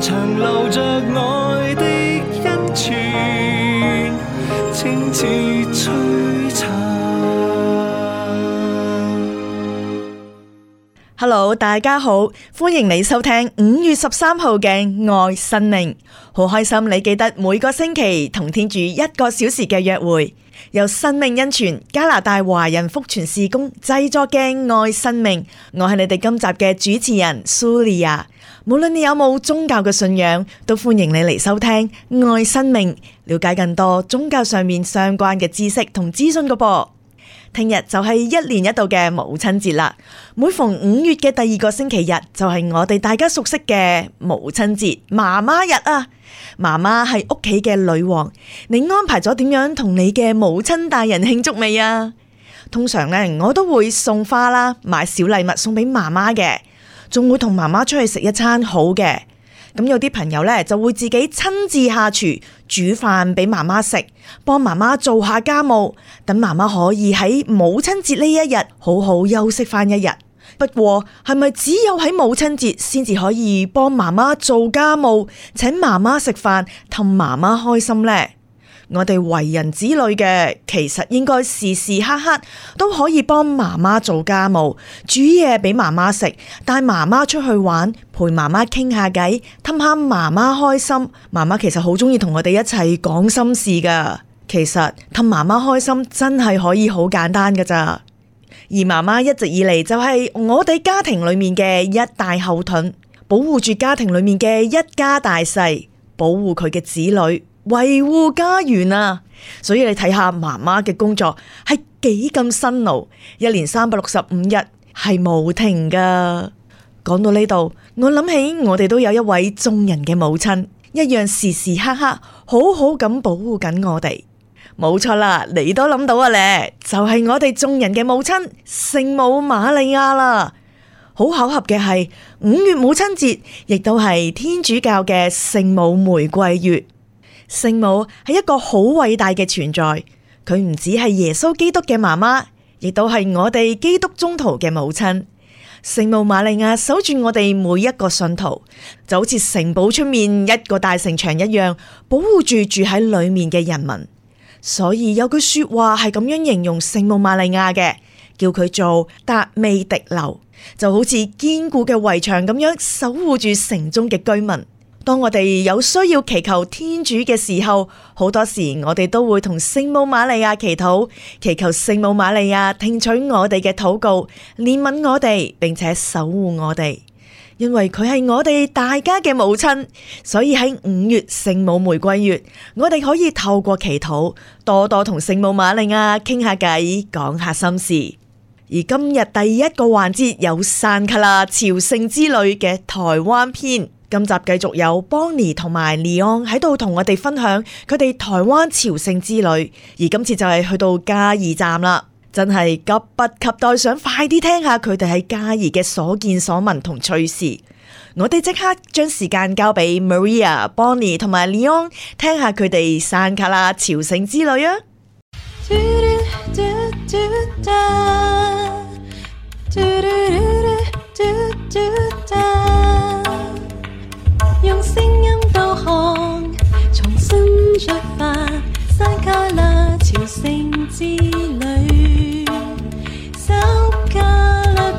長留着愛的恩泉，清澈璀璨。Hello，大家好，歡迎你收聽五月十三號嘅愛生命。好開心你記得每個星期同天主一個小時嘅約會。由生命恩泉加拿大華人福傳事工製作嘅愛生命，我係你哋今集嘅主持人蘇利亞。無論你有冇宗教嘅信仰，都歡迎你嚟收聽愛生命，了解更多宗教上面相關嘅知識同資訊嘅噃，聽日就係一年一度嘅母親節啦，每逢五月嘅第二個星期日，就係我哋大家熟悉嘅母親節、媽媽日啊！媽媽係屋企嘅女王，你安排咗點樣同你嘅母親大人慶祝未啊？通常呢，我都會送花啦，買小禮物送俾媽媽嘅。仲會同媽媽出去食一餐好嘅，咁有啲朋友呢，就會自己親自下廚煮飯俾媽媽食，幫媽媽做下家務，等媽媽可以喺母親節呢一日好好休息翻一日。不過係咪只有喺母親節先至可以幫媽媽做家務、請媽媽食飯、氹媽媽開心呢？我哋為人子女嘅，其實應該時時刻刻都可以幫媽媽做家務、煮嘢畀媽媽食。帶媽媽出去玩，陪媽媽傾下偈，氹下媽媽開心。媽媽其實好鍾意同我哋一齊講心事噶。其實氹媽媽開心真係可以好簡單噶咋。而媽媽一直以嚟就係我哋家庭裏面嘅一大後盾，保護住家庭裏面嘅一家大細，保護佢嘅子女。維護家園啊！所以你睇下媽媽嘅工作係幾咁辛勞，一年三百六十五日係無停噶。講到呢度，我諗起我哋都有一位眾人嘅母親，一樣時時刻刻好好咁保護緊我哋。冇錯啦，你都諗到啊咧，就係我哋眾人嘅母親聖母瑪利亞啦。好巧合嘅係，五月母親節亦都係天主教嘅聖母玫瑰月。聖母係一個好偉大嘅存在，佢唔止係耶穌基督嘅媽媽，亦都係我哋基督宗徒嘅母親。聖母瑪利亞守住我哋每一個信徒，就好似城堡出面一個大城牆一樣，保護住住喺裏面嘅人民。所以有句說話係咁樣形容聖母瑪利亞嘅，叫佢做達味敵樓，就好似堅固嘅圍牆咁樣守護住城中嘅居民。當我哋有需要祈求天主嘅時候，好多時我哋都會同聖母瑪利亞祈禱，祈求聖母瑪利亞聽取我哋嘅禱告，憐憫我哋，並且守護我哋。因為佢係我哋大家嘅母親，所以喺五月聖母玫瑰月，我哋可以透過祈禱，多多同聖母瑪利亞傾下偈、講下心事。而今日第一個環節有山卡拉朝聖之旅嘅台灣篇。今集繼續有邦尼同埋利安喺度同我哋分享佢哋台灣朝聖之旅，而今次就係去到嘉義站啦，真係急不及待想快啲聽下佢哋喺嘉義嘅所見所聞同趣事。我哋即刻將時間交俾 Maria、邦尼同埋利安聽下佢哋山卡拉朝聖之旅啊！ 用聲音導航，重新出發，世界啦朝聖之旅，塞卡拉。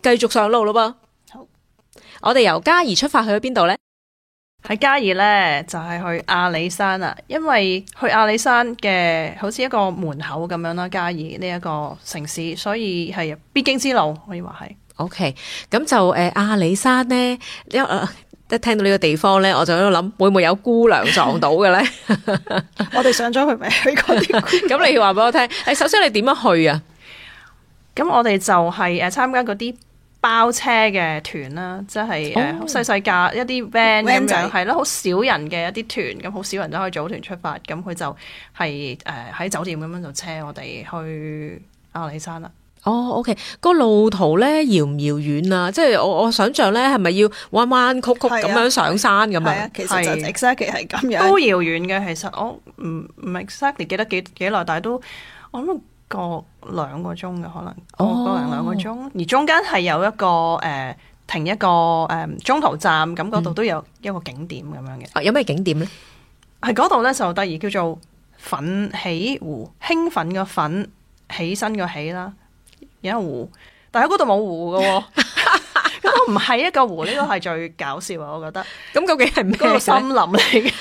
繼續上路咯噃，好，我哋由嘉義出發去咗邊度呢？喺嘉義呢，就係、是、去阿里山啦，因為去阿里山嘅好似一個門口咁樣啦，嘉義呢一個城市，所以係必經之路，可以話係。OK，咁就誒阿、啊、里山呢。啊、一誒聽到呢個地方呢，我就喺度諗會唔會有姑娘撞到嘅呢？ 我哋上咗去咪去嗰啲？咁你話俾我聽，誒，首先你點樣去啊？咁我哋就係誒參加嗰啲包車嘅團啦，即係誒細細架一啲、oh, 樣 van 咁就係啦。好少人嘅一啲團，咁好少人都可以組團出發，咁佢就係誒喺酒店咁樣就車我哋去阿里山啦。哦、oh，OK，個路途咧遙唔遙遠啊？即係我我想象咧係咪要彎彎曲曲咁樣上山咁啊，啊？其實就 exactly 係咁是樣。都遙遠嘅，其實我唔唔 exactly 記得幾幾耐，但係都我諗。個兩個鐘嘅可能，哦，可能兩個鐘，而中間係有一個誒、呃，停一個誒、呃、中途站，咁嗰度都有一個景點咁樣嘅、嗯啊。有咩景點咧？喺嗰度咧就得意叫做粉起湖，興奮嘅粉起身嘅起啦，有個湖，但係喺嗰度冇湖嘅、哦。 唔係一個湖，呢 個係最搞笑啊！我覺得。咁究竟係咩森林嚟嘅？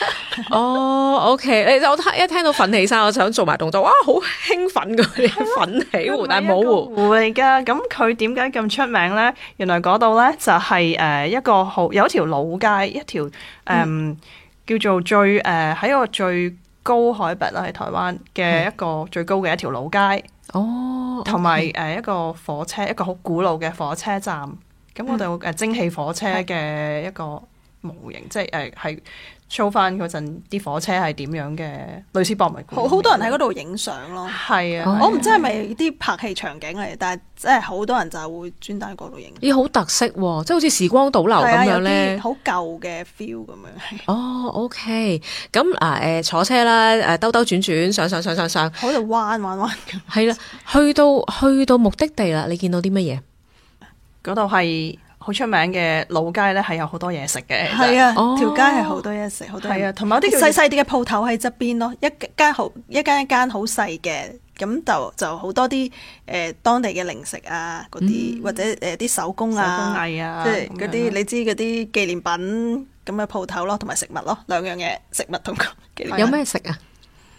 哦，OK，你我一聽到奮起山，我就想做埋動作，哇，好興奮啲，奮起 湖，但係冇湖。湖嚟噶，咁佢點解咁出名呢？原來嗰度呢，就係誒一個好有一條老街，一條誒、嗯嗯、叫做最誒喺、呃、個最高海拔啦，喺台灣嘅一個最高嘅一條老街。哦。同埋誒一個火車，一個好古老嘅火車站。咁我哋有誒蒸汽火車嘅一個模型，即係誒係操翻嗰陣啲火車係點樣嘅，類似博物館。好多人喺嗰度影相咯，係啊！我唔知係咪啲拍戲場景嚟，但係真係好多人就係會專登喺嗰度影。咦！好特色喎，即係好似時光倒流咁樣咧，好舊嘅 feel 咁樣。哦，OK。咁嗱誒，坐車啦，誒兜兜轉轉，上上上上上，喺度彎彎彎。係啦，去到去到目的地啦，你見到啲乜嘢？嗰度係好出名嘅老街咧，係有好多嘢食嘅。係啊、哦，條街係好多嘢食，好多係啊，同埋有啲細細啲嘅鋪頭喺側邊咯，一間好一間一間好細嘅，咁就就好多啲誒、呃、當地嘅零食啊，嗰啲、嗯、或者誒啲、呃、手工啊、工藝啊，即係嗰啲你知嗰啲紀念品咁嘅鋪頭咯，同埋食物咯，兩樣嘢，食物同個紀念品。有咩食啊？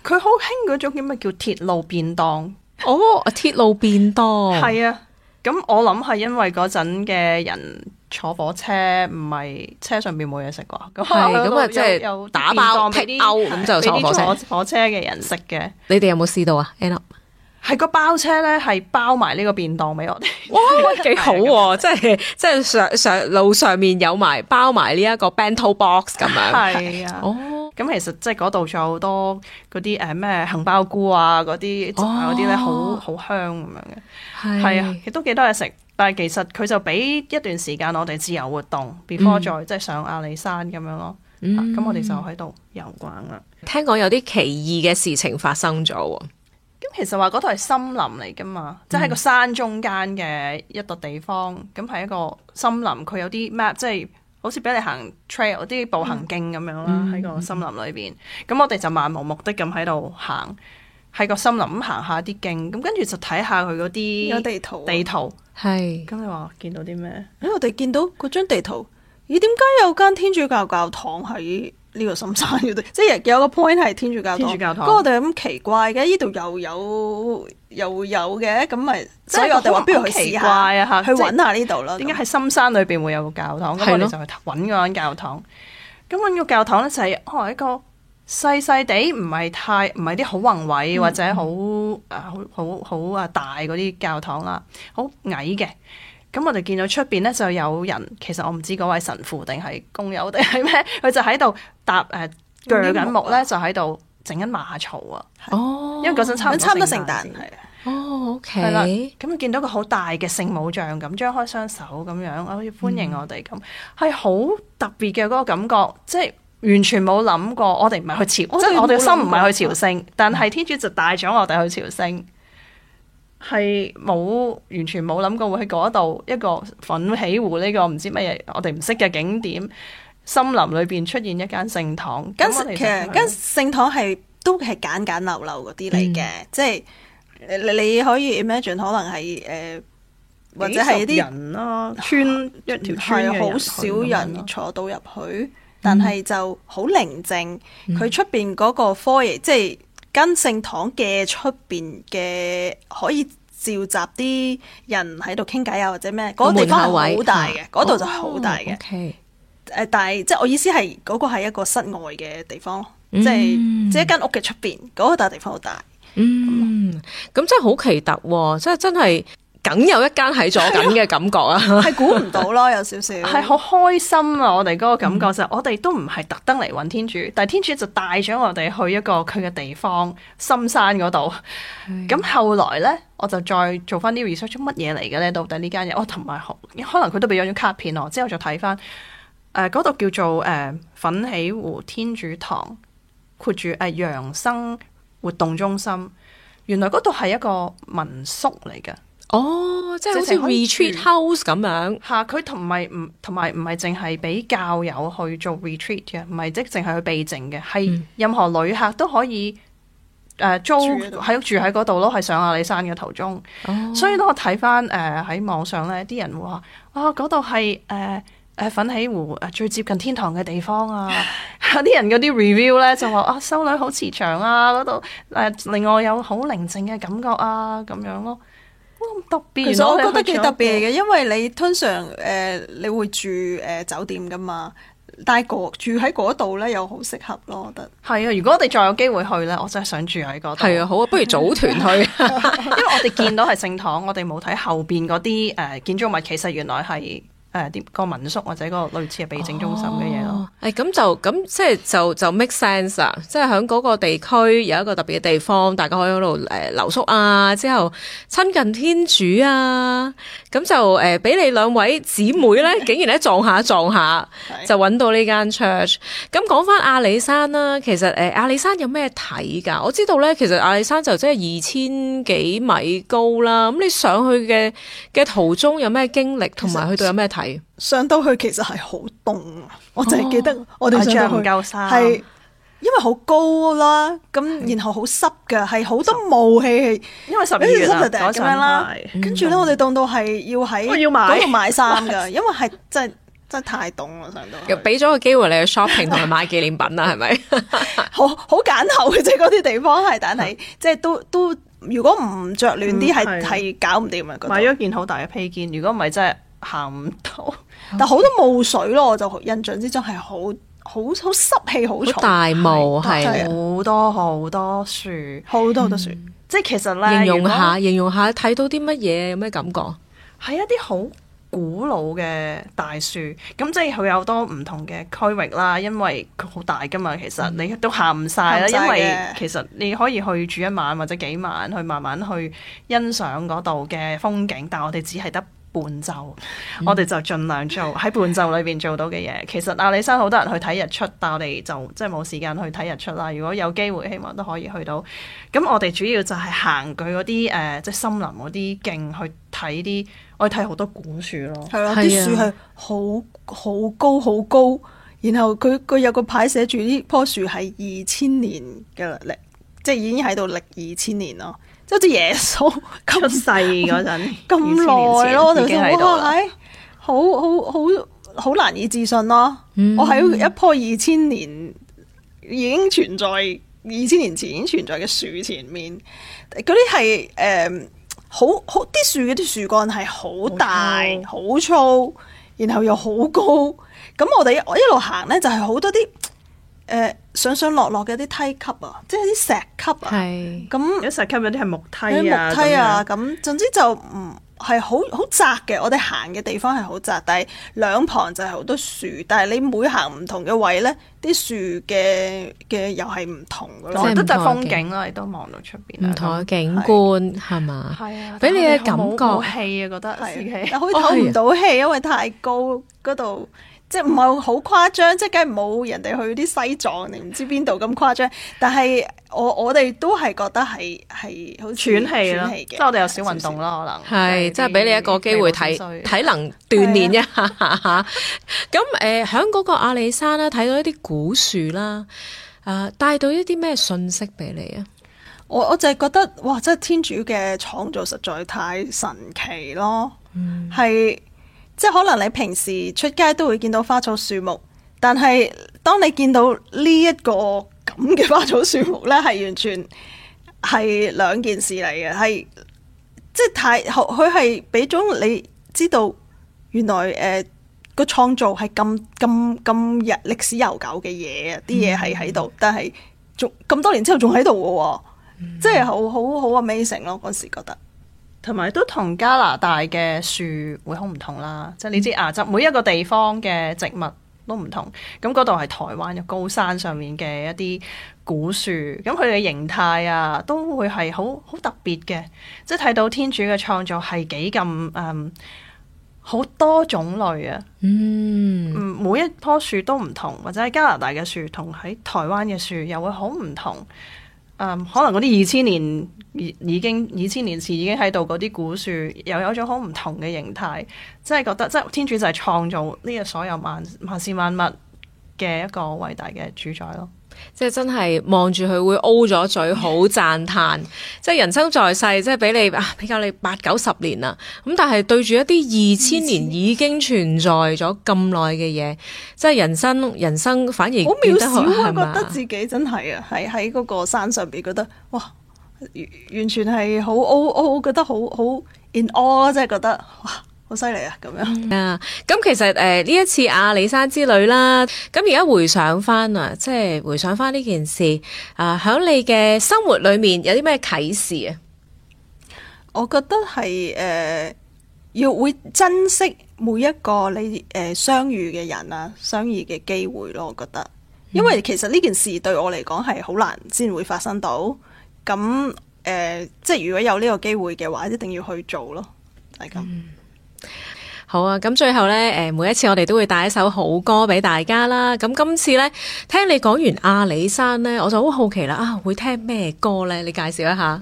佢好興嗰種叫咩叫鐵路便當。 哦，鐵路便當。係啊。 咁我諗係因為嗰陣嘅人坐火車唔係車上邊冇嘢食啩，咁係咁即係有打包啲歐，咁就坐火火車嘅人食嘅。你哋有冇試到啊？Anna 係個包車咧，係包埋呢個便當俾我哋。哇，幾好，即係即係上上路上面有埋包埋呢一個 bento box 咁樣。係啊，哦。咁其實即係嗰度仲有好多嗰啲誒咩杏鮑菇啊，嗰啲，同埋嗰啲咧好好香咁樣嘅，係是啊，亦都幾多嘢食。但係其實佢就俾一段時間我哋自由活動，before、嗯、再即係、就是、上阿里山咁樣咯。咁、嗯啊、我哋就喺度遊逛啦。聽講有啲奇異嘅事情發生咗喎。咁其實話嗰度係森林嚟噶嘛，即、就、係、是、個山中間嘅一個地方，咁係、嗯、一個森林，佢有啲咩即係。就是好似俾你行 trail 啲步行徑咁樣啦，喺個森林裏邊。咁我哋就漫無目的咁喺度行，喺個森林行下啲徑。咁跟住就睇下佢嗰啲有地圖啊。地圖係。咁是你話見到啲咩？誒，我哋見到嗰張地圖。咦，點解有間天主教教堂喺？呢個深山嗰度，即係有個 point 係天主教堂。咁我哋咁奇怪嘅，呢度又有又有嘅，咁咪、就是，所以我哋話，不如去奇怪啊？吓，去揾下呢度咯。點解喺深山裏邊會有個教堂？咁的我哋就去揾嗰間教堂。咁、那、揾個教堂咧，就係一個細細地，唔係太唔係啲好宏偉、嗯、或者、嗯、啊好啊好好好啊大嗰啲教堂啦，好矮嘅。咁我哋見到出邊咧就有人，其實我唔知嗰位神父定係工友定係咩，佢就喺度搭誒、呃、鋸緊木咧，就喺度整緊馬槽啊。哦，因為嗰陣差唔多聖誕，係哦，哦，OK。係啦，咁見到個好大嘅聖母像咁，張開雙手咁樣，好、哦、似歡迎我哋咁，係好、嗯、特別嘅嗰、那個感覺，即係完全冇諗過，我哋唔係去朝，哦、即係我哋嘅心唔係去朝聖，嗯、但係天主就帶咗我哋去朝聖，嗯係冇，完全冇諗過會喺嗰度一個奮起湖呢個唔知乜嘢，我哋唔識嘅景點，森林裏邊出現一間聖堂。跟其實跟聖堂係都係簡，簡簡陋陋嗰啲嚟嘅，即係、嗯就是、你可以 imagine 可能係誒、呃、或者係啲人啦、啊，村、啊、穿一條村好少人坐到入去，嗯、但係就好寧靜。佢出邊嗰個科 i 即係。跟聖堂嘅出邊嘅可以召集啲人喺度傾偈啊，或者咩？嗰個地方好大嘅，嗰度就好大嘅。誒、哦，okay、但係即係我意思係嗰、嗰個係一個室外嘅地方、嗯、即係即係一間屋嘅出邊，嗰、嗰個大地方好大。嗯，咁樣、嗯、真係好奇特喎、啊，即係真係。梗有一間喺左近嘅感覺啊，啊，係估唔到咯，有少少係好開心啊！我哋嗰個感覺、嗯、就係我哋都唔係特登嚟搵天主，但係天主就帶咗我哋去一個佢嘅地方，深山嗰度。咁、嗯、後來呢，我就再做翻啲 research，乜嘢嚟嘅呢？到底呢間嘢？我同埋可能佢都俾咗張卡片我，之後就睇翻誒嗰度叫做誒、呃、奮起湖天主堂，括住誒養生活動中心。原來嗰度係一個民宿嚟嘅。哦，oh，即係好似 retreat house 咁樣吓，佢同埋唔同埋唔係淨係俾教友去做 retreat 嘅，唔係即係淨係去避靜嘅，係任何旅客都可以誒租喺、嗯、住喺嗰度咯，係上阿里山嘅途中。Oh. 所以咧，我睇翻誒喺網上咧，啲人話啊嗰度係誒誒奮起湖誒最接近天堂嘅地方啊！啲 人嗰啲 review 咧就話啊，修女好慈祥啊，嗰度誒令我有好寧靜嘅感覺啊，咁樣咯。哦、特別，其實我覺得幾特別嘅，因為你通常誒、呃、你會住誒酒店噶嘛，但係住喺嗰度咧又好適合咯，我覺得係啊。如果我哋再有機會去咧，我真係想住喺嗰度。係啊，好啊，不如組團去， 因為我哋見到係聖堂，我哋冇睇後邊嗰啲誒建築物，其實原來係誒個民宿或者個類似係避靜中心嘅嘢。哦。誒，咁、哎、就咁即係就就 make sense 啊！即係喺嗰個地區有一個特別嘅地方，大家可以喺度誒留宿啊，之後親近天主啊，咁就誒俾、呃、你兩位姊妹咧，竟然咧撞下撞下 就揾到呢間 church。咁講翻阿里山啦，其實誒、呃、阿里山有咩睇㗎？我知道咧，其實阿里山就真係二千幾米高啦。咁你上去嘅嘅途中有咩經歷，同埋實去到有咩睇？上到去其實係好凍啊！我就係記得我哋着唔夠衫，係因為好高啦，咁然後好濕嘅，係好多霧氣，因為十一月就咗嗰陣啦，跟住咧我哋凍到係要喺嗰度買衫嘅，因為係真真太凍啦，上到。又俾咗個機會你去 shopping 同埋買紀念品啦，係咪？好好簡陋嘅啫，嗰啲地方係，但係即係都都，如果唔着暖啲，係係搞唔掂嘅。買咗件好大嘅披肩，如果唔係真係行唔到。但好多霧水咯，我就印象之中係好好好濕氣好重，大霧，係好多好多樹，好多、嗯、好多好多樹，即係其實咧，形容下，果形容下睇到啲乜嘢，有咩感覺？係一啲好古老嘅大樹，咁即係佢有多唔同嘅區域啦，因為佢好大噶嘛。其實、嗯、你都行唔晒啦，因為其實你可以去住一晚或者幾晚，去慢慢去欣賞嗰度嘅風景。但我哋只係得。伴奏，我哋就盡量做喺伴奏裏邊做到嘅嘢。其實阿里山好多人去睇日出，但我哋就真係冇時間去睇日出啦。如果有機會，希望都可以去到。咁我哋主要就係行佢嗰啲誒，即係森林嗰啲徑去睇啲，我哋睇好多古樹咯。係啊，啲樹係好好高，好高。然後佢佢有個牌寫住呢棵樹係二千年嘅歷，即係已經喺度歷二千年咯。一只耶穌出世嗰陣，咁耐咯，我哋我睇，好好好好難以置信咯。嗯、我喺一棵二千年已經存在，二千年前已經存在嘅樹前面，嗰啲係誒好好啲樹嗰啲樹幹係好大好 Okay. 粗，然後又好高。咁我哋我一路行咧，就係好多啲。誒，上上落落嘅啲梯級啊，即係啲石級啊，咁有是 這樣 石級有啲係木梯啊，咁總之就唔係好好窄嘅，我哋行嘅地方係好窄，但係兩旁就係好多樹，但係你每行唔同嘅位咧，啲樹嘅嘅又係唔同嘅，即係就風景咯，你都望到出邊唔同嘅景觀係嘛？係是吧啊，俾你嘅感覺氣啊，啊，啊，覺得唞唔到氣，因為太高嗰度。即係唔係好誇張，即係梗係冇人哋去啲西藏你唔知邊度咁誇張。但係我我哋都係覺得係係好喘氣咯，氣，即係我哋有小運動咯，是可能係是即係俾你一個機會睇，體能鍛煉一下咁誒，喺嗰的、 呃、個阿里山咧睇到一啲古樹啦，啊、呃，帶到一啲咩信息俾你啊？我我就係覺得哇，真係天主嘅創造實在太神奇咯，係、嗯。即係可能你平時出街都會見到花草樹木，但係當你見到呢、這、一個咁嘅花草樹木咧，係完全係兩件事嚟嘅，係即係太佢係俾咗你知道，原來誒個創造係咁咁咁日歷史悠久嘅嘢，啊啲嘢係喺度，嗯、但係仲咁多年之後仲喺度嘅，嗯、即係好好好 amazing 咯，嗰陣時覺得。同埋都同加拿大嘅樹會好唔同啦，即係你知亞洲每一個地方嘅植物都唔同。咁嗰度係台灣嘅高山上面嘅一啲古樹，咁佢嘅形態啊都會係好好特別嘅，即係睇到天主嘅創造係幾咁誒好多種類啊！嗯，每一棵樹都唔同，或者喺加拿大嘅樹同喺台灣嘅樹又會好唔同。Um, 可能嗰啲二千年已經二千年前已經喺度嗰啲古樹，又有種好唔同嘅形態，即係覺得即係天主就係創造呢個所有萬萬事萬物嘅一個偉大嘅主宰咯。即係真係望住佢會 O 咗嘴，好讚嘆。 即係人生在世，即係俾你啊，比較你八九十年啦。咁但係對住一啲二千年已經存在咗咁耐嘅嘢， 即係人生，人生反而好渺小啊！吧覺得自己真係啊，喺喺嗰個山上邊，覺得哇，完全係好 O，我覺得好好 in awe，即係覺得哇。好犀利啊！咁樣 yeah、呃、啊，咁其實誒呢一次阿里山之旅啦，咁而家回想翻啊，即係回想翻呢件事啊，喺、呃、你嘅生活裏面有啲咩啟示啊？我覺得係誒、呃、要會珍惜每一個你誒相遇嘅人啊，相遇嘅機會咯。我覺得，因為其實呢件事對我嚟講係好難先會發生到。咁誒、呃，即係如果有呢個機會嘅話，一定要去做咯，係咁。嗯好啊，咁最後呢，誒，每一次我哋都會帶一首好歌俾大家啦。咁今次呢，聽你講完阿里山呢，我就好好奇啦，啊，會聽咩歌呢？你介紹一下。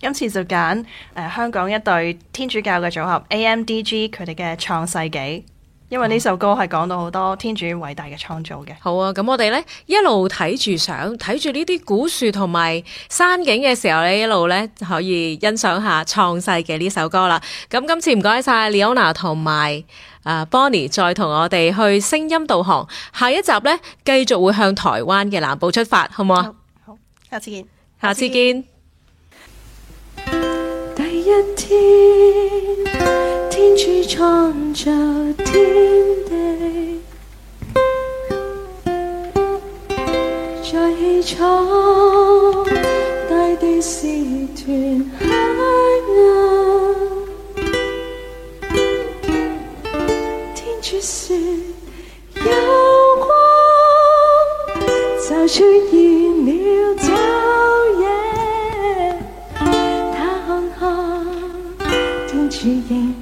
今次就揀誒、呃、香港一對天主教嘅組合 AMDG，佢哋嘅創世紀。因為呢首歌係講到好多天主偉大嘅創造嘅。好啊，咁我哋呢一路睇住相睇住呢啲古樹同埋山景嘅時候呢，一路呢可以欣賞下創世嘅呢首歌啦。咁今次唔該晒，Leona 同埋啊 Bonnie 再同我哋去聲音導航，下一集呢繼續會向台灣嘅南部出發，好唔好啊？好，下次見。下次見。第一天。天主創造天地，在起初大地是團黑暗。天主說有光，就出現了晝夜，他看看天主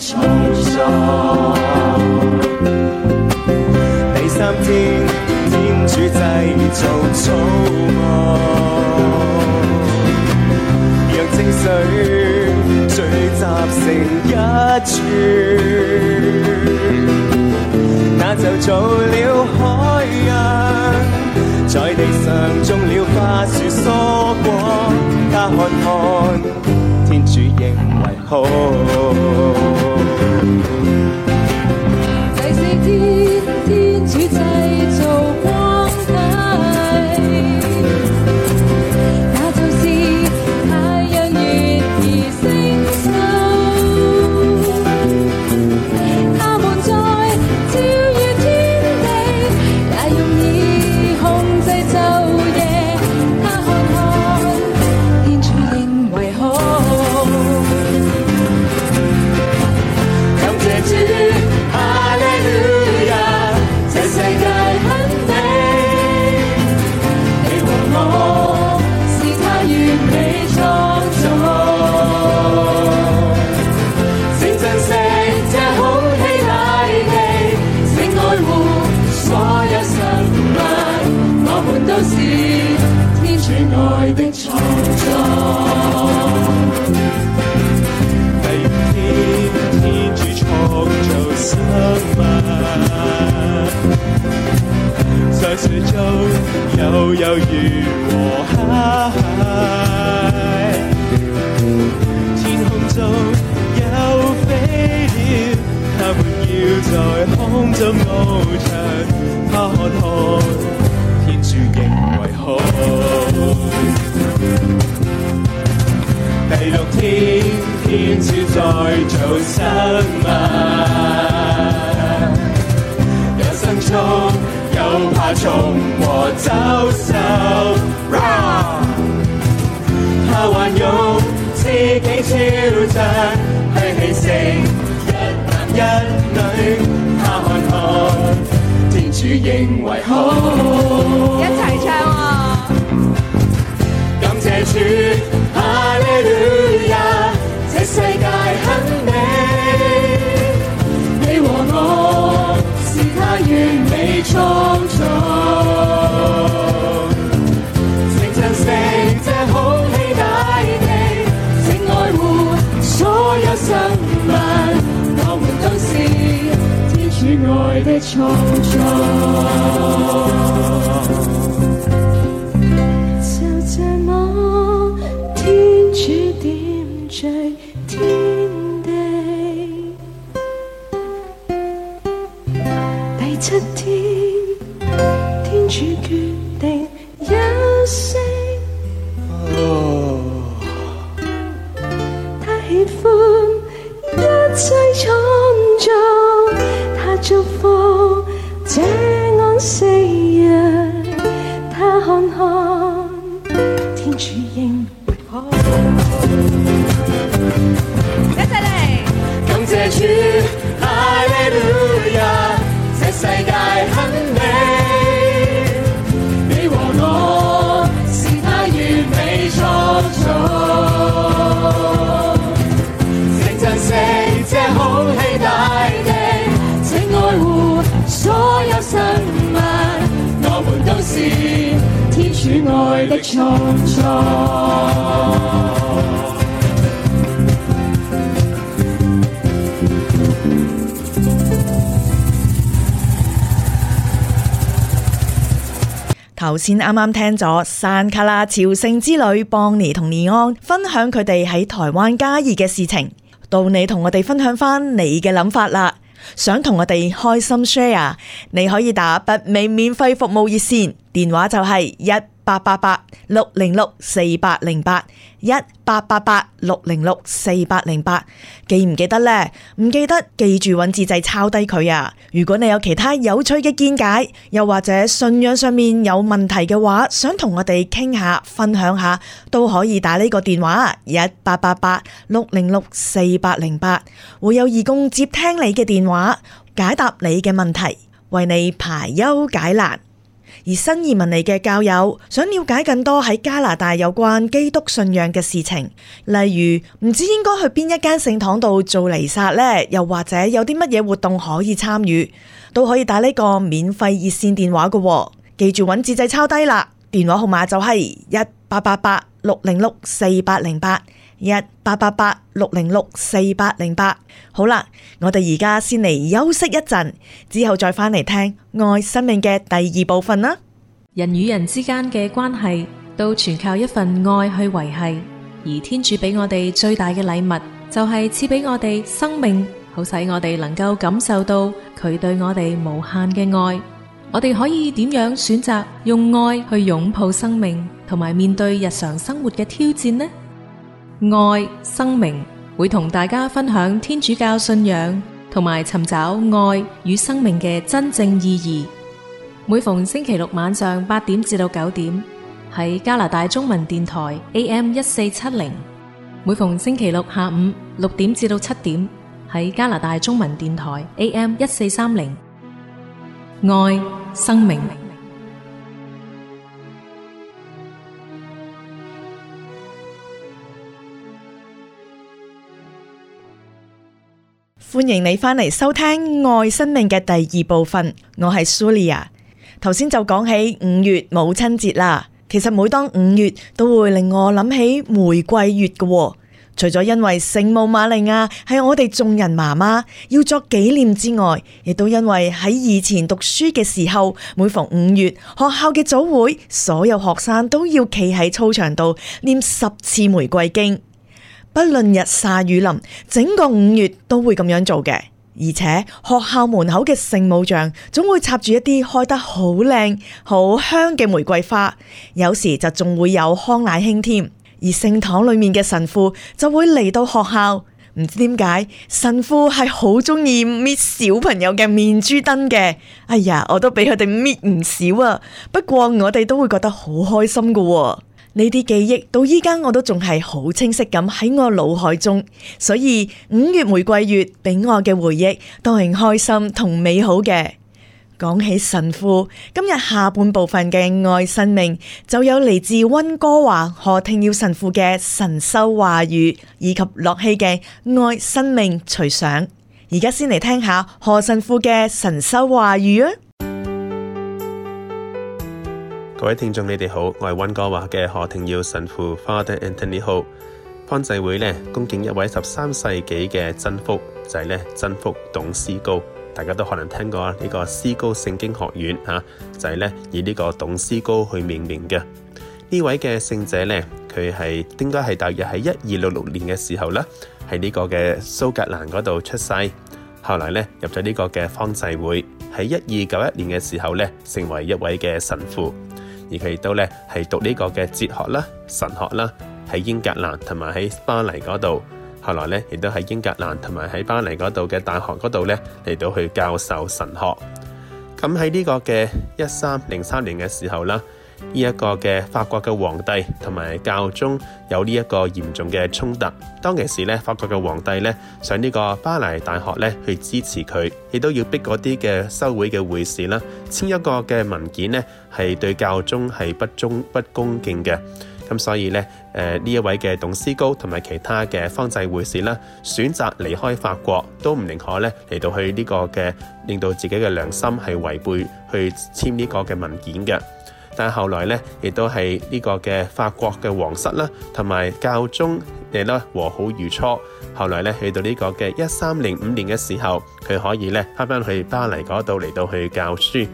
創造，第三天，天主製造草木，讓清水聚集成一處，那就造了海洋，在地上種了花樹蔬果，他看看，天主認為好。啱啱聽咗山卡拉朝聖之旅，邦尼同尼安分享佢哋喺台灣加熱嘅事情。到你同我哋分享返你嘅諗法啦！想同我哋開心 share，你可以打北美免費服務熱線電話，就係一八八八六零六四八零八，一八八八六零六四八零八記唔記得呢？唔記，記得，記住揾字劑抄低佢啊！如果你有其他有趣嘅見解，又或者信仰上面有問題嘅話，想同我哋傾下、分享下，都可以打呢個電話一八八八六零六四八零八，會有義工接聽你嘅電話，解答你嘅問題，為你排憂解難。而新移民嚟嘅教友想了解更多喺加拿大有關基督信仰嘅事情，例如唔知應該去邊一間聖堂度做彌撒呢？又或者有啲乜嘢活動可以參與，都可以打呢個免費熱線電話㗎。記住揾紙仔抄低啦，電話號碼就係一八八八六零六四八零八。一八八八六零六四八零八，好啦，我哋而家先嚟休息一陣，之後再翻嚟聽愛生命嘅第二部分啦。人與人之間嘅關係，都全靠一份愛去維繫，而天主俾我哋最大嘅禮物，就係賜俾我哋生命，好使我哋能夠感受到佢對我哋無限嘅愛。我哋可以點樣選擇用愛去擁抱生命，同埋面對日常生活嘅挑戰呢？愛生命會同大家分享天主教信仰同埋尋找愛與生命嘅真正意義。每逢星期六晚上八點至到九點喺加拿大中文電台 AM 一四七零；每逢星期六下午六點至到七點喺加拿大中文電台 AM 一四三零。愛生命。歡迎你返嚟收聽愛生命嘅第二部分，我係 Sulia。頭先就講起五月母親節啦，其實每當五月都會令我諗起玫瑰月嘅。除咗因為聖母瑪利亞係我哋眾人媽媽要作紀念之外，亦都因為喺以前讀書嘅時候，每逢五月學校嘅早會，所有學生都要企喺操場度念十次玫瑰經。不論日曬雨淋，整個五月都會咁樣做嘅。而且學校門口嘅聖母像總會插住一啲開得好靚、好香嘅玫瑰花，有時就仲會有康乃馨添。而聖堂裏面嘅神父就會嚟到學校，唔知點解神父係好鍾意搣小朋友嘅面珠燈嘅。哎呀，我都俾佢哋搣唔少啊！不過我哋都會覺得好開心㗎喎。呢啲記憶到而家我都仲係好清晰咁喺我腦海中，所以五月玫瑰月畀我嘅回憶都係開心同美好嘅。講起神父，今日下半部分嘅愛生命就有嚟自溫哥華何庭耀神父嘅神修話語，以及駱曦嘅愛生命隨想。而家先嚟聽，聽下何神父嘅神修話語啊！各位聽眾，你哋好，我係溫哥華嘅何庭耀神父 Father Anthony Ho。好，方濟會咧，恭敬一位十三世紀嘅真福，就係咧真福董思高。大家都可能聽過呢個思高聖經學院嚇，就係咧以呢個董思高去命名嘅。呢位嘅聖者咧，佢係應該係大約喺一二六六年嘅時候啦，喺呢個嘅蘇格蘭嗰度出世，後來咧入咗呢個嘅方濟會，喺一二九一年嘅時候咧成為一位嘅神父。而佢亦都咧係讀呢個嘅哲學啦、神學啦，喺英格蘭同埋喺巴黎嗰度。後來咧亦都喺英格蘭同埋喺巴黎嗰度嘅大學嗰度咧嚟到去教授神學。咁喺呢個嘅一三零三年嘅時候啦。呢一個嘅法國嘅皇帝同埋教宗有呢一個嚴重嘅衝突。當其時咧，法國嘅皇帝咧上呢個巴黎大學咧去支持佢，亦都要逼嗰啲嘅修會嘅會士啦，簽一個嘅文件咧係對教宗係不忠不恭敬嘅。咁所以咧，誒呢一位嘅董思高同埋其他嘅方濟會士啦，選擇離開法國，都唔寧可咧嚟到去呢個嘅令到自己嘅良心係違背去簽呢個嘅文件嘅。但係後來咧，亦都係呢個嘅法國嘅皇室啦，同埋教宗嚟啦，和好如初。後來咧，去到呢個嘅一三零五年嘅時候，佢可以咧，翻返去巴黎嗰度嚟到去教書。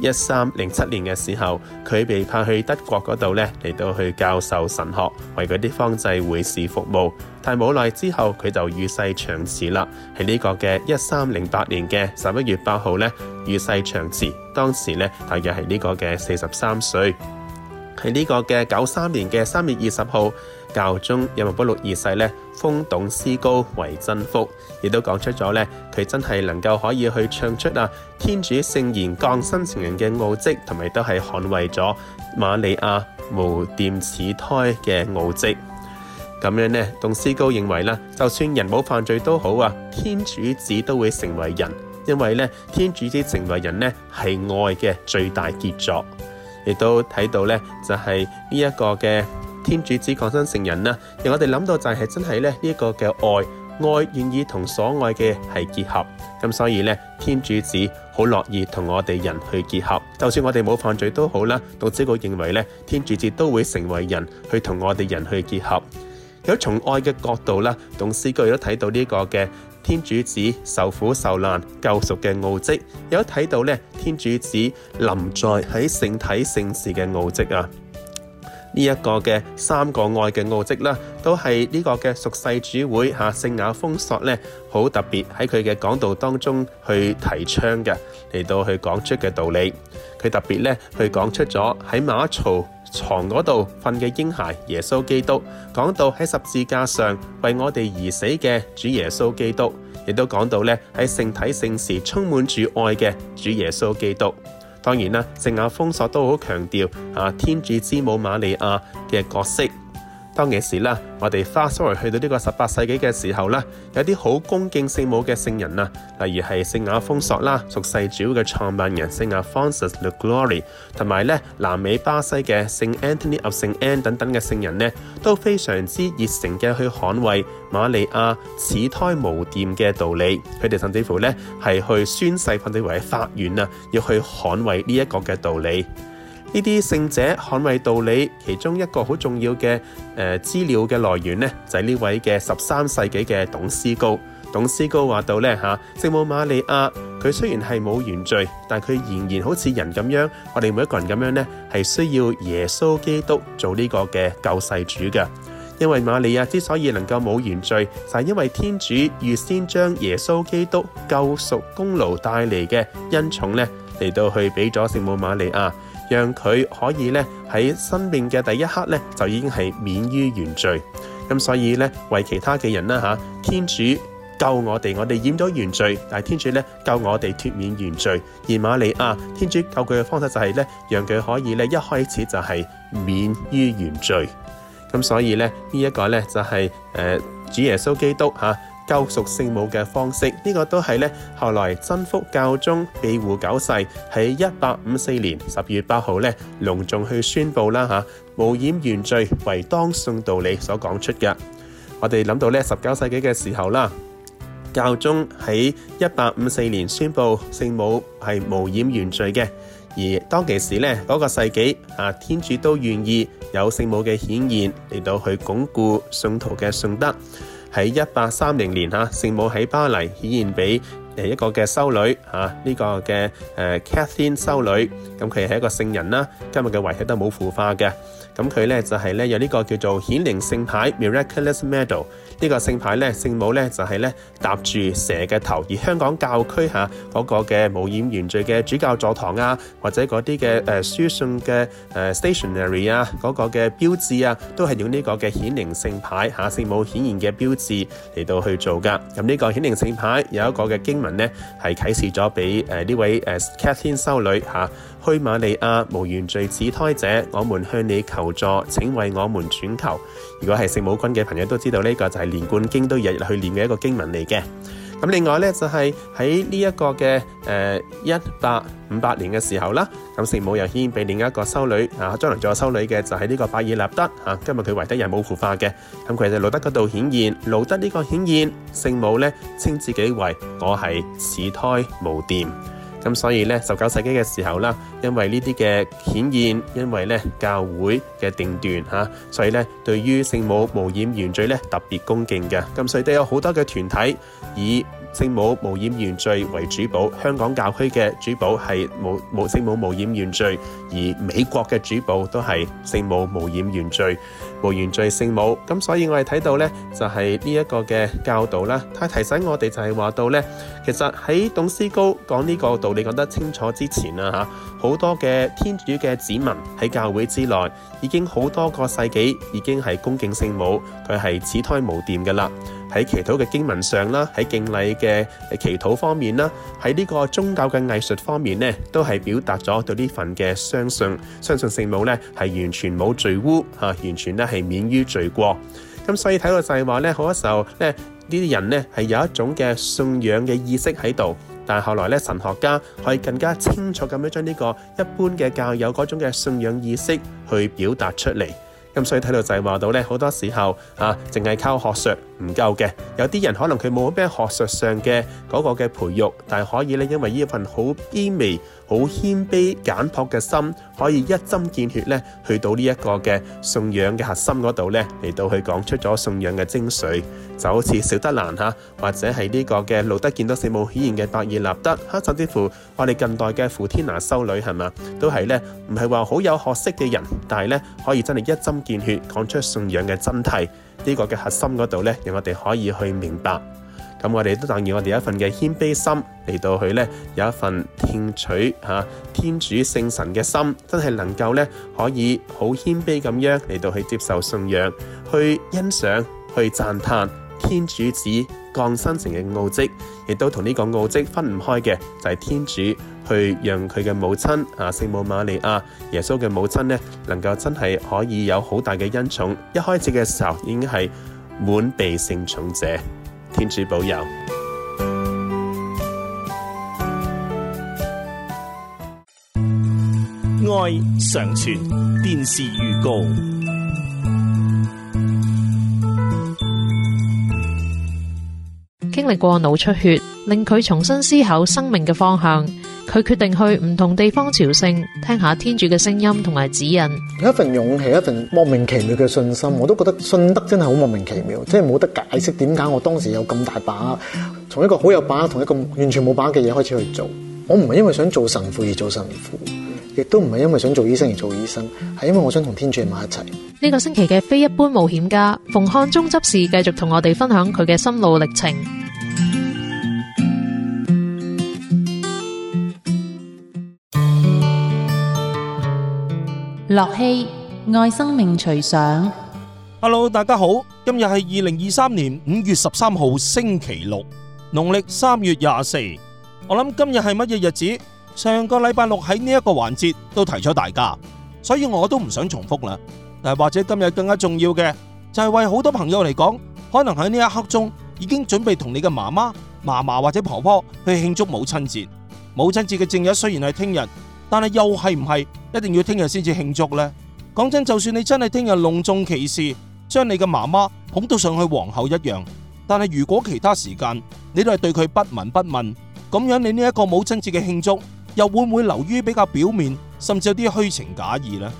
一三零七年嘅時候，佢被派去德國嗰度呢，嚟到去教授神學，為嗰啲方濟會士服務。但冇耐之後，佢就與世長辭啦。喺呢個嘅一三零八年嘅十一月八號呢，與世長辭。當時呢，大約係呢個嘅四十三歲。喺呢個嘅九三年嘅三月二十號。教宗若望保祿二世咧，封董思高為真福，亦都講出咗呢，佢真係能夠可以去唱出啊，天主聖言降生成人嘅奧蹟，同埋都係捍衛咗瑪利亞無玷始胎嘅奧蹟。咁樣呢，董思高認為啦，就算人冇犯罪都好啊，天主子都會成為人，因為呢，天主子成為人呢，係愛嘅最大傑作，亦都睇到呢，就係呢一個嘅。天主子降生成人啦，令我哋諗到就係真係咧呢一個嘅愛，愛願意同所愛嘅係結合，咁所以咧天主子好樂意同我哋人去結合，就算我哋冇犯罪都好啦。董思高認為咧，天主子都會成為人去同我哋人去結合。如果從愛嘅角度啦，董思高都睇到呢個嘅天主子受苦受難救贖嘅奧跡，有睇到咧天主子臨在喺聖體聖事嘅奧跡啊。呢一個嘅三個愛嘅奧跡啦，都係呢個嘅贖世主會嚇、啊、聖亞豐索咧，好特別喺佢嘅講道當中去提倡嘅，嚟到去講出嘅道理。佢特別咧去講出咗喺馬槽床嗰度瞓嘅嬰孩耶穌基督，講到喺十字架上為我哋而死嘅主耶穌基督，亦都講到咧喺聖體聖事充滿住愛嘅主耶穌基督。當然啦，聖亞豐索都好強調啊，天主之母瑪利亞嘅角色。當其時啦，我哋 fast forward 去到呢個十八世紀嘅時候啦，有啲好恭敬聖母嘅聖人啊，例如係聖雅封索啦，俗世主要嘅創辦人聖雅方 Le Glory，同埋咧南美巴西嘅聖 Anthony of Saint Anne 等等嘅聖人呢，都非常之熱誠嘅去捍衞瑪利亞始胎無玷嘅道理，佢哋甚至乎咧係去宣誓甚至為法院啊，要去捍衞呢一個嘅道理。呢啲聖者捍衞道理，其中一個好重要嘅誒、呃、資料嘅來源呢，就係、是、呢位嘅十三世紀嘅董思高。董思高話到呢：啊「嚇，聖母瑪利亞佢雖然係冇原罪，但佢仍然好似人咁樣，我哋每一個人咁樣呢，係需要耶穌基督做呢個嘅救世主㗎。因為瑪利亞之所以能夠冇原罪，就係、是、因為天主預先將耶穌基督救贖功勞帶嚟嘅恩寵呢，嚟到去俾咗聖母瑪利亞。讓佢可以咧喺生命嘅第一刻咧就已經係免於原罪，咁所以咧為其他嘅人啦吓，天主救我哋，我哋染咗原罪，但係天主咧救我哋脫免原罪。而瑪利亞，天主救佢嘅方式就係咧，讓佢可以咧一開始就係免於原罪。咁所以咧呢一個咧就係誒主耶穌基督吓。救贖聖母嘅方式，呢、這個都係呢。後來真福教宗庇護九世喺一八五四年十二月八號咧隆重去宣布啦吓，無、啊、染原罪為當信道理所講出嘅。我哋諗到呢十九世紀嘅時候啦，教宗喺一八五四年宣布聖母係無染原罪嘅，而當其時呢，嗰、那個世紀啊，天主都願意有聖母嘅顯現嚟到去鞏固信徒嘅信德。喺一八三零年嚇，聖母喺巴黎，顯現俾。誒一個嘅修女，嚇呢個嘅誒 Catherine 修女，咁佢係一個聖人啦。今日嘅遺體都冇腐化嘅。咁佢咧就係咧有呢個叫做顯靈聖牌 （Miraculous Medal）。呢個聖牌咧，聖母咧就係咧搭住蛇嘅頭。而香港教區嚇嗰個嘅無染原罪嘅主教座堂啊，或者嗰啲嘅誒書信嘅誒 stationery 啊，嗰個嘅標誌啊，都係用呢個嘅顯靈聖牌嚇聖母顯現嘅標誌嚟到去做㗎。咁呢個顯靈聖牌有一個嘅經文。呢係啟示咗俾誒呢位誒 Catherine 修女嚇，虛、啊、瑪利亞無原罪始胎者，我們向你求助，請為我們轉求。如果係聖母軍嘅朋友都知道呢、這個就係連冠經都日日去念嘅一個經文嚟嘅。咁另外咧就係喺呢一個嘅誒一八五八年嘅時候啦，咁聖母又顯現俾另一個修女啊，將來做修女嘅就係呢個拜爾納德嚇，今日佢維德人冇腐化嘅，咁佢就路德嗰度顯現，路德呢個顯現聖母咧，稱自己為我係始胎無玷。咁所以咧十九世紀嘅時候啦，因為呢啲嘅顯現，因為咧教會嘅定斷嚇，所以咧對於聖母無染原罪咧特別恭敬嘅，咁，所以都有好多嘅團體。以聖母無染原罪為主保，香港教區嘅主保係無無聖母無染原罪，而美國嘅主保都係聖母無染原罪，無原罪聖母。咁所以我哋睇到呢就係呢一個嘅教導啦。佢提醒我哋就係話到呢，其實喺董思高講呢個道理講得清楚之前啊，嚇好多嘅天主嘅子民喺教會之內已經好多個世紀已經係恭敬聖母，佢係始胎無玷嘅啦。喺祈禱嘅經文上啦，喺敬禮嘅祈禱方面啦，喺呢個宗教嘅藝術方面呢，都係表達咗對呢份嘅相信，相信聖母呢係完全冇罪污，吓完全呢係免於罪過。咁所以睇到就係話呢，好多時候呢呢啲人呢係有一種嘅信仰嘅意識喺度，但係後來呢神學家可以更加清楚咁樣將呢個一般嘅教友嗰種嘅信仰意識去表達出嚟。咁、嗯、所以睇到就係話到呢，好多時候啊，淨係靠學術唔夠嘅，有啲人可能佢冇咩學術上嘅嗰個嘅培育，但係可以呢，因為呢一份好卑微。好謙卑簡樸嘅心，可以一針見血咧，去到呢一個嘅信仰嘅核心嗰度咧，嚟到去講出咗信仰嘅精髓，就好似小德蘭嚇，或者係呢個嘅路德見到聖母顯現嘅伯爾納德嚇，甚至乎我哋近代嘅傅天娜修女係嘛，都係咧，唔係話好有學識嘅人，但係咧可以真係一針見血講出信仰嘅真諦，呢個嘅核心嗰度咧，令我哋可以去明白。咁我哋都帶現我哋一份嘅謙卑心嚟到去呢，有一份聽取嚇、啊、天主聖神嘅心，真係能夠呢，可以好謙卑咁樣嚟到去接受信仰，去欣賞，去讚歎天主子降生成嘅奧跡，亦都同呢個奧跡分唔開嘅就係、是、天主去讓佢嘅母親啊聖母瑪利亞耶穌嘅母親呢，能夠真係可以有好大嘅恩寵，一開始嘅時候已經係滿被聖寵者。天主保佑，愛常存。電視預告： 經歷過腦出血，令佢重新思考生命嘅方向。佢決定去唔同地方朝聖，聽下天主嘅聲音同埋指引。有一份勇氣，一份莫名其妙嘅信心，我都覺得信德真係好莫名其妙，即係冇得解釋點解我當時有咁大把，從一個好有把握，同一個完全冇把握嘅嘢開始去做。我唔係因為想做神父而做神父，亦都唔係因為想做醫生而做醫生，係因為我想同天主喺埋一齊。呢個星期嘅非一般冒險家，馮漢中執事，繼續同我哋分享佢嘅心路歷程。駱曦愛生命隨想，Hello，大家好，今日係二零二三年五月十三號星期六，農曆三月廿四。我諗今日係乜嘢日子？上個禮拜六喺呢一個環節都提咗大家，所以我都唔想重複啦。但係或者今日更加重要嘅就係、是、為好多朋友嚟講，可能喺呢一刻中已經準備同你嘅媽媽、嫲嫲或者婆婆去慶祝母親節。母親節嘅正日雖然係聽日。但係又係唔係一定要聽日先至慶祝呢？講真，就算你真係聽日隆重其事，將你嘅媽媽捧到上去皇后一樣，但係如果其他時間你都係對佢不聞不問，咁樣你呢一個母親節嘅慶祝又會唔會流於比較表面，甚至有啲虛情假意呢？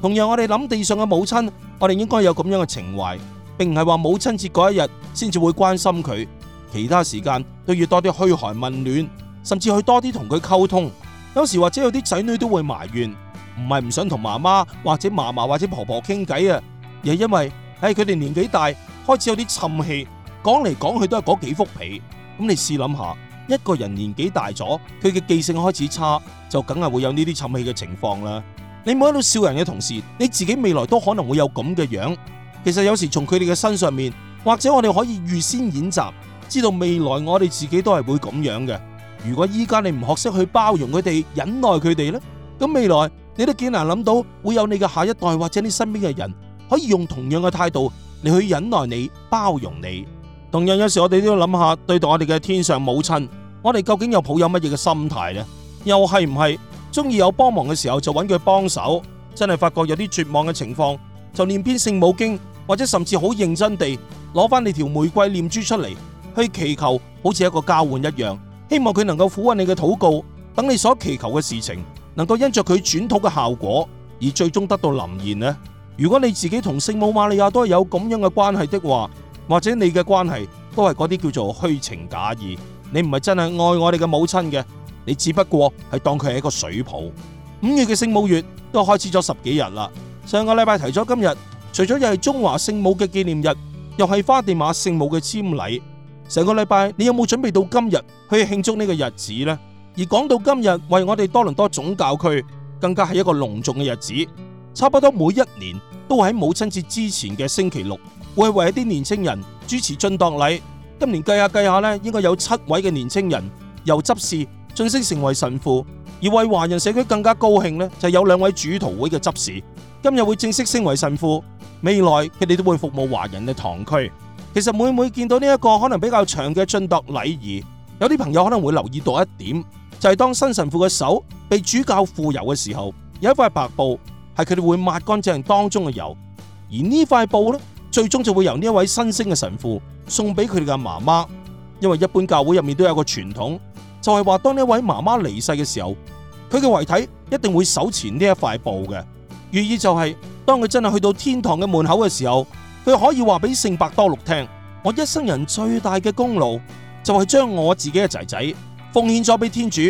同樣我哋諗地上嘅母親，我哋應該有咁樣嘅情懷，並唔係話母親節嗰一日先至會關心佢，其他時間都要多啲噓寒問暖，甚至去多啲同佢溝通。有時或者有啲仔女都會埋怨，唔係唔想同媽媽或者嫲嫲或者婆婆傾偈啊，而係因為，唉、哎，佢哋年紀大，開始有啲沉氣，講嚟講去都係嗰幾幅皮。咁你試諗下，一個人年紀大咗，佢嘅記性開始差，就梗係會有呢啲沉氣嘅情況啦。你冇喺度笑人嘅同時，你自己未來都可能會有咁嘅樣，樣。其實有時從佢哋嘅身上面，或者我哋可以預先演習，知道未來我哋自己都係會咁樣嘅。如果依家你唔學識去包容佢哋、忍耐佢哋呢？咁未來你都幾難諗到會有你嘅下一代或者你身邊嘅人可以用同樣嘅態度嚟去忍耐你、包容你。同樣有時我哋都要諗下，對待我哋嘅天上母親，我哋究竟又抱有乜嘢嘅心態呢？又係唔係中意有幫忙嘅時候就揾佢幫手？真係發覺有啲絕望嘅情況，就念篇《聖母經》，或者甚至好認真地攞翻你條玫瑰念珠出嚟去祈求，好似一個交換一樣。希望佢能夠撫慰你嘅禱告，等你所祈求嘅事情能夠因着佢轉禱嘅效果而最終得到臨現呢？如果你自己同聖母瑪利亞都係有咁樣嘅關係的話，或者你嘅關係都係嗰啲叫做虛情假意，你唔係真係愛我哋嘅母親嘅，你只不過係當佢係一個水泡。五月嘅聖母月都開始咗十幾日啦。上個禮拜提咗今日，除咗又係中華聖母嘅紀念日，又係花地瑪聖母嘅瞻禮。成個禮拜你有冇準備到今日？去慶祝呢個日子呢，而講到今日為我哋多倫多總教區更加係一個隆重嘅日子。差不多每一年都喺母親節之前嘅星期六，會為一啲年青人主持晉鐸禮。今年計下計下呢，應該有七位嘅年青人由執事正式成為神父。而為華人社區更加高興呢，就有兩位主徒會嘅執事今日會正式升為神父，未來佢哋都會服務華人嘅堂區。其實每每見到呢、這、一個可能比較長嘅晉鐸禮儀。有啲朋友可能會留意到一點，就係當新神父嘅手被主教傅油嘅時候，有一塊白布係佢哋會抹乾淨當中嘅油，而呢塊布呢，最終就會由呢一位新升嘅神父送俾佢哋嘅媽媽，因為一般教會入面都有個傳統，就係話當呢位媽媽離世嘅時候，佢嘅遺體一定會手持呢一塊布嘅，寓意就係當佢真係去到天堂嘅門口嘅時候，佢可以話俾聖伯多祿聽：我一生人最大嘅功勞。就係將我自己嘅仔仔奉獻咗俾天主，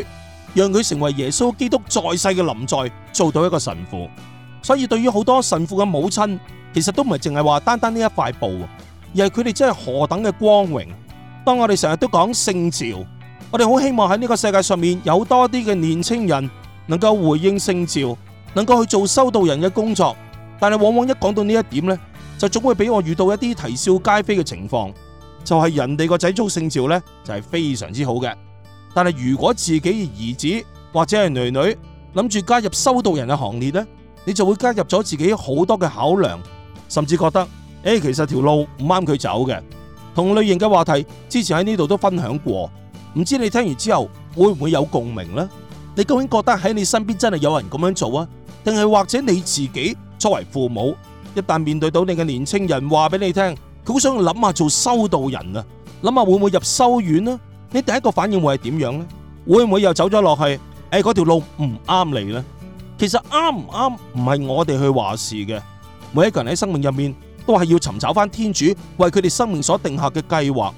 讓佢成為耶穌基督在世嘅臨在，做到一個神父。所以對於好多神父嘅母親，其實都唔係淨係話單單呢一塊布，而係佢哋真係何等嘅光榮。當我哋成日都講聖召，我哋好希望喺呢個世界上面有多啲嘅年輕人能夠回應聖召，能夠去做修道人嘅工作。但係往往一講到呢一點呢，就總會俾我遇到一啲啼笑皆非嘅情況。就係人哋個仔中聖召呢，就係、是、非常之好嘅。但係如果自己兒子或者係女女諗住加入修道人嘅行列呢，你就會加入咗自己好多嘅考量，甚至覺得誒、欸，其實條路唔啱佢走嘅。同類型嘅話題之前喺呢度都分享過，唔知你聽完之後會唔會有共鳴呢？你究竟覺得喺你身邊真係有人咁樣做啊？定係或者你自己作為父母，一旦面對到你嘅年青人，話俾你聽。好想諗下做修道人啊，諗下會唔會入修院呢？你第一個反應會係點樣呢？會唔會又走咗落去？誒，嗰條路唔啱你呢。其實啱唔啱唔係我哋去話事嘅。每一個人喺生命入面都係要尋找返天主為佢哋生命所定下嘅計劃。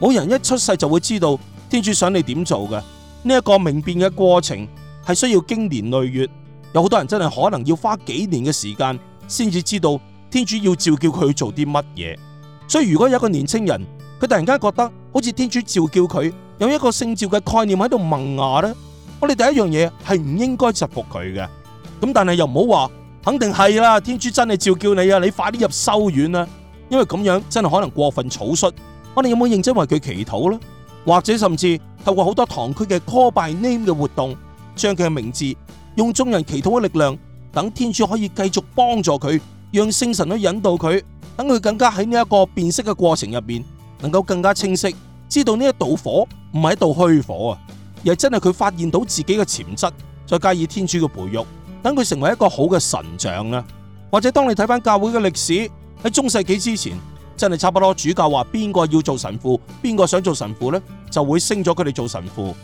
冇人一出世就會知道天主想你點做嘅。呢一個明辨嘅過程係需要經年累月。有好多人真係可能要花幾年嘅時間先至知道天主要召叫佢做啲乜嘢。所以如果有一個年輕人，佢突然間覺得好似天主召叫佢，有一個聖召嘅概念喺度萌芽呢。我哋第一樣嘢係唔應該說服佢嘅。咁但係又唔好話肯定係啦，天主真係召叫你啊，你快啲入修院啦，因為咁樣真係可能過分草率。我哋有冇認真為佢祈禱呢？或者甚至透過好多堂區嘅 call by name 嘅活動，將佢嘅名字用眾人祈禱嘅力量，等天主可以繼續幫助佢，讓聖神去引導佢。等佢更加喺呢一個辨識嘅過程入面，能夠更加清晰知道呢一道火唔係一道虛火啊，而係真係佢發現到自己嘅潛質，再加以天主嘅培育，等佢成為一個好嘅神長啦。或者當你睇翻教會嘅歷史喺中世紀之前，真係差不多主教話邊個要做神父，邊個想做神父呢，就會升咗佢哋做神父。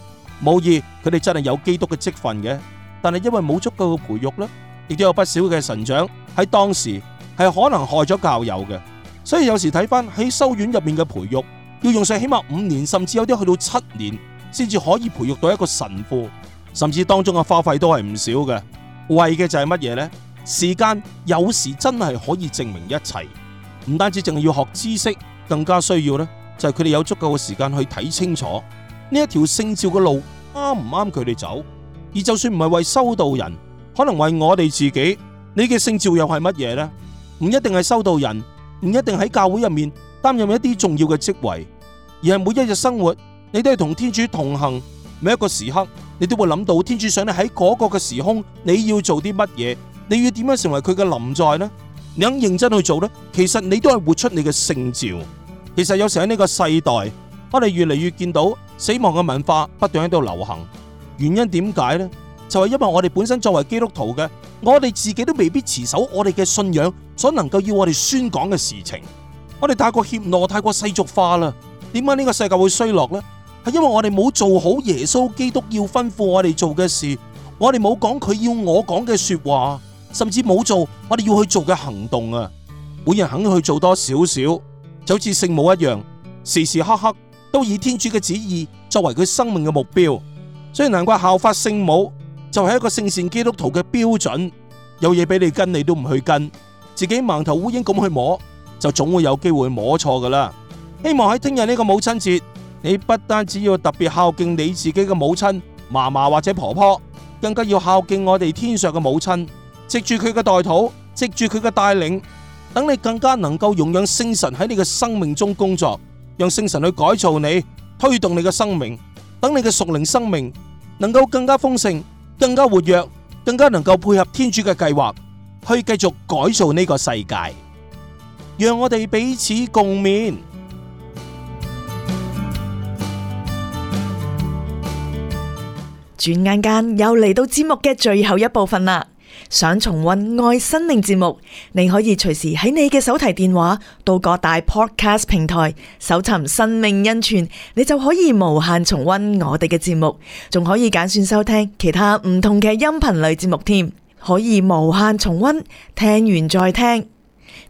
冇意佢哋真係有基督嘅積分嘅，但係因為冇足夠嘅培育呢，亦都有不少嘅神長喺當時。係可能害咗教友嘅。所以有時睇翻，喺修院入面嘅培育，要用上起碼五年，甚至有啲去到七年，先至可以培育到一個神父，甚至當中嘅花費都係唔少嘅。為嘅就係乜嘢呢？時間有時真係可以證明一切，唔單止淨係要學知識，更加需要呢，就係佢哋有足夠嘅時間去睇清楚呢一條聖召嘅路啱唔啱佢哋走。而就算唔係為修道人，可能為我哋自己，你嘅聖召又係乜嘢呢？唔一定係修道人，唔一定喺教會入面擔任一啲重要嘅職位，而係每一日生活，你都係同天主同行。每一個時刻，你都會諗到天主想你喺嗰個嘅時空，你要做啲乜嘢？你要點樣成為佢嘅臨在呢？你肯認真去做咧，其實你都係活出你嘅聖召。其實有時喺呢個世代，我哋越嚟越見到死亡嘅文化不斷喺度流行，原因點解呢？就係因為我哋本身作為基督徒嘅，我哋自己都未必持守我哋嘅信仰所能夠要我哋宣講嘅事情，我哋太過怯懦，太過世俗化啦。點解呢個世界會衰落呢？係因為我哋冇做好耶穌基督要吩咐我哋做嘅事，我哋冇講佢要我講嘅說話，甚至冇做我哋要去做嘅行動啊！每人肯去做多少少，就好似聖母一樣，時時刻刻都以天主嘅旨意作為佢生命嘅目標。所以難怪效法聖母。就係一個聖善基督徒嘅標準。有嘢俾你跟，你都唔去跟，自己盲頭烏蠅咁去摸，就總會有機會摸錯噶啦。希望喺聽日呢個母親節，你不單只要特別孝敬你自己嘅母親、嫲嫲或者婆婆，更加要孝敬我哋天上嘅母親，藉住佢嘅代土，藉住佢嘅帶領，等你更加能夠容養聖神喺你嘅生命中工作，讓聖神去改造你，推動你嘅生命，等你嘅屬靈生命能夠更加豐盛。更加活躍，更加能夠配合天主嘅計劃，去繼續改造呢個世界。讓我哋彼此共勉。轉眼間又嚟到節目嘅最後一部分啦。想重溫愛生命節目，你可以隨時喺你嘅手提電話到各大 podcast 平台搜尋生命恩泉，你就可以無限重溫我哋嘅節目，仲可以揀選收聽其他唔同嘅音頻類節目添，可以無限重溫，聽完再聽。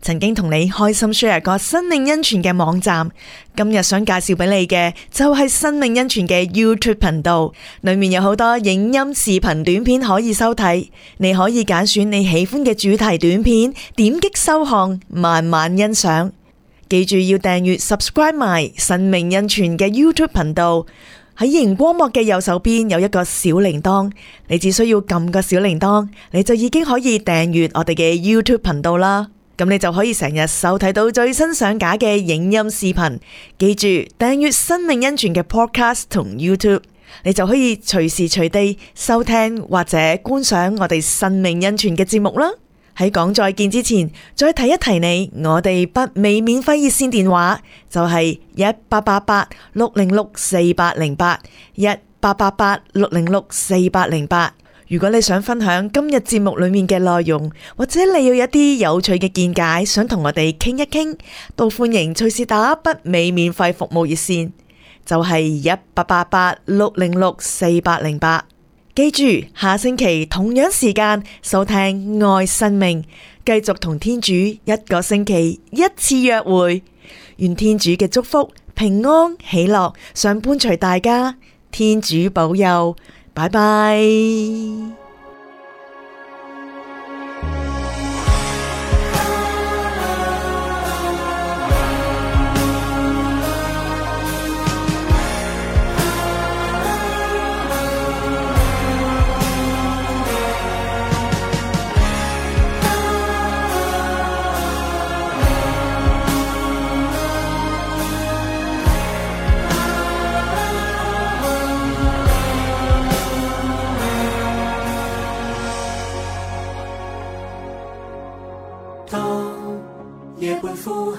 曾經同你開心 share 過生命恩泉嘅網站，今日想介紹俾你嘅就係生命恩泉嘅 YouTube 頻道，裏面有好多影音視頻短片可以收睇。你可以揀選你喜歡嘅主題短片，點擊收看，慢慢欣賞。記住要訂閱 subscribe 埋生命恩泉嘅 YouTube 頻道。喺熒光幕嘅右手邊有一個小鈴鐺，你只需要撳個小鈴鐺，你就已經可以訂閱我哋嘅 YouTube 頻道啦。咁你就可以成日收睇到最新上架嘅影音視頻。記住訂閱《生命恩泉》嘅 Podcast 同 YouTube，你就可以隨時隨地收聽或者觀賞我哋《生命恩泉》嘅節目啦。喺講再見之前，再提一提你，我哋北美免費熱線電話就係一八八八六零六四八零八一八八八六零六四八零八。如果你想分享今日節目裏面嘅內容，或者你有一啲有趣嘅見解，想同我哋傾一傾，都歡迎隨時打北美免費服務熱線，就係一八八八六零六四八零八。記住下星期同樣時間收聽愛生命，繼續同天主一個星期一次約會。願天主嘅祝福平安喜樂，想伴隨大家。天主保佑。拜拜。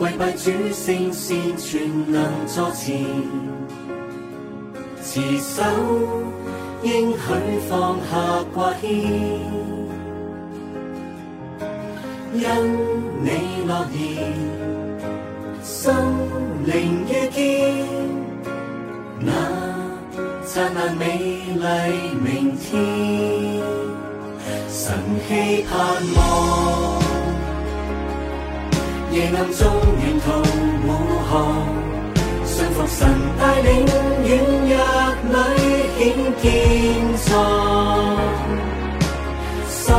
跪拜主，聖善全能助慈，持守應許放下掛牽，因你諾言，心靈遇見，那燦爛美麗明天，晨曦盼望。夜暗中沿途護航，信服神帶領軟弱裏顯堅壯，心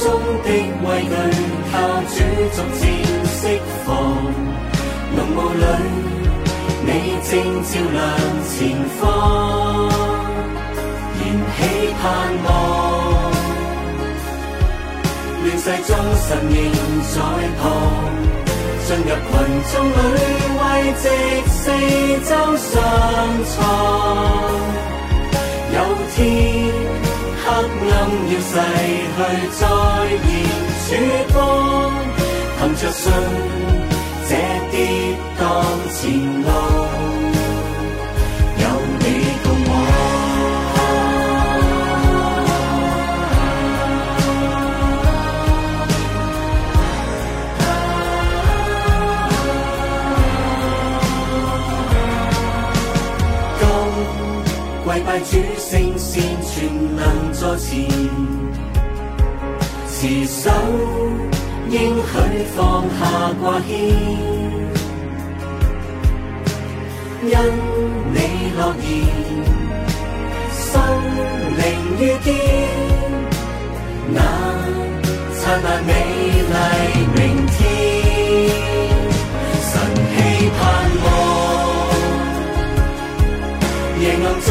中的畏懼他主逐漸釋放，濃霧裏你正照亮前方，燃起盼望。世中神仍在旁，進入群眾裏慰藉四周傷災。有天黑暗要逝去再，再現曙光。憑着信，這跌宕前路。主聖善全能在前，持守應許放下掛牽，因你諾言心靈遇見那燦爛美麗明。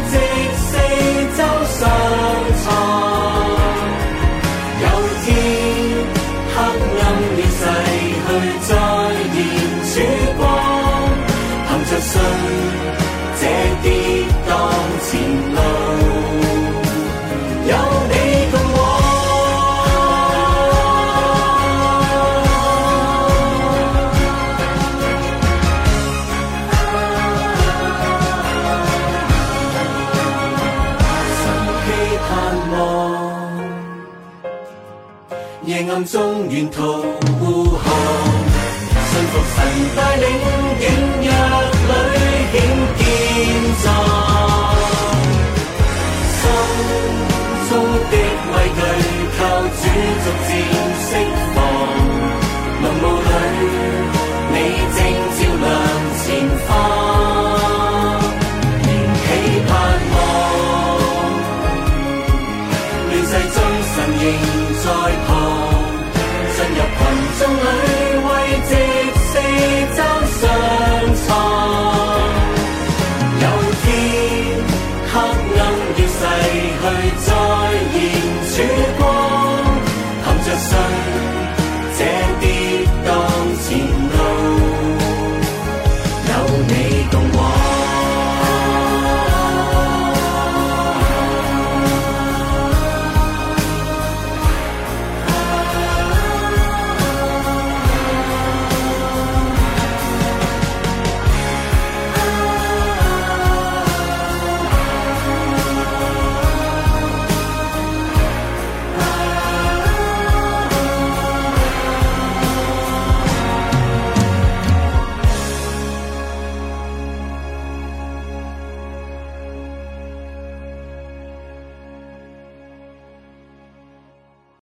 藉四周相襯， 有天黑暗已逝去再燃曙光，憑着信。 黑暗中沿途護航，信服神帶領，險惡裏顯建造。